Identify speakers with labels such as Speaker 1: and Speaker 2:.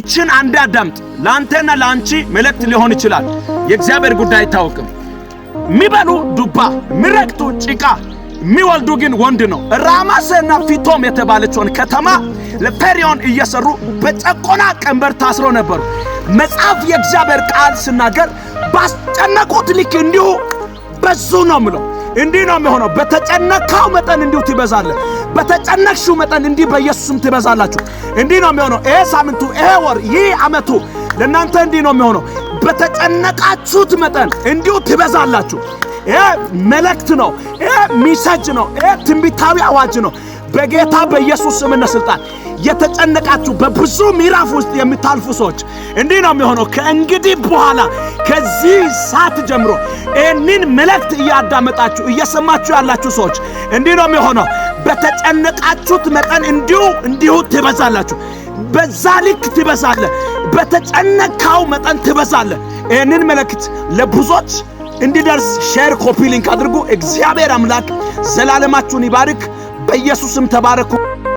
Speaker 1: ይችን አንድ አዳምጥ። ለአንተና ለአንቺ መልእክት ሊሆን ይችላል። የእግዚአብሔር ጉዳይ አይታወቅም። የሚበሉ ዱባ፣ የሚረግጡ ጭቃ፣ የሚወልዱ ግን ወንድ ነው። ራማሴና ፊቶም የተባለችውን ከተማ ለፈርዖን እየሰሩ በጨቆና ቀንበር ታስሮ ነበሩ። መጽሐፍ የእግዚአብሔር ቃል ስናገር ባስጨነቁት ልክ እንዲሁ በዙ ነው ምለው። እንዲህ ነው የሚሆነው። በተጨነካው መጠን እንዲሁ ትበዛለህ። በተጨነቅሽው መጠን እንዲህ በኢየሱስም ትበዛላችሁ። እንዲህ ነው የሚሆነው። ይሄ ሳምንቱ፣ ይሄ ወር፣ ይህ አመቱ ለእናንተ እንዲህ ነው የሚሆነው። በተጨነቃችሁት መጠን እንዲሁ ትበዛላችሁ። ይሄ መልእክት ነው። ይሄ ሚሰጅ ነው። ይሄ ትንቢታዊ አዋጅ ነው። በጌታ በኢየሱስ ስምነ ስልጣን የተጨነቃችሁ በብዙ ምዕራፍ ውስጥ የምታልፉ ሰዎች እንዲህ ነው የሚሆነው። ከእንግዲህ በኋላ ከዚህ ሰዓት ጀምሮ ይህንን መልእክት እያዳመጣችሁ እየሰማችሁ ያላችሁ ሰዎች እንዲህ ነው የሚሆነው። በተጨነቃችሁት መጠን እንዲሁ እንዲሁ ትበዛላችሁ። በዛ ልክ ትበዛለ። በተጨነካው መጠን ትበዛለ። ይህንን መልእክት ለብዙዎች እንዲደርስ ሼር፣ ኮፒ ሊንክ አድርጉ። እግዚአብሔር አምላክ ዘላለማችሁን ይባርክ። በኢየሱስም ተባረኩ።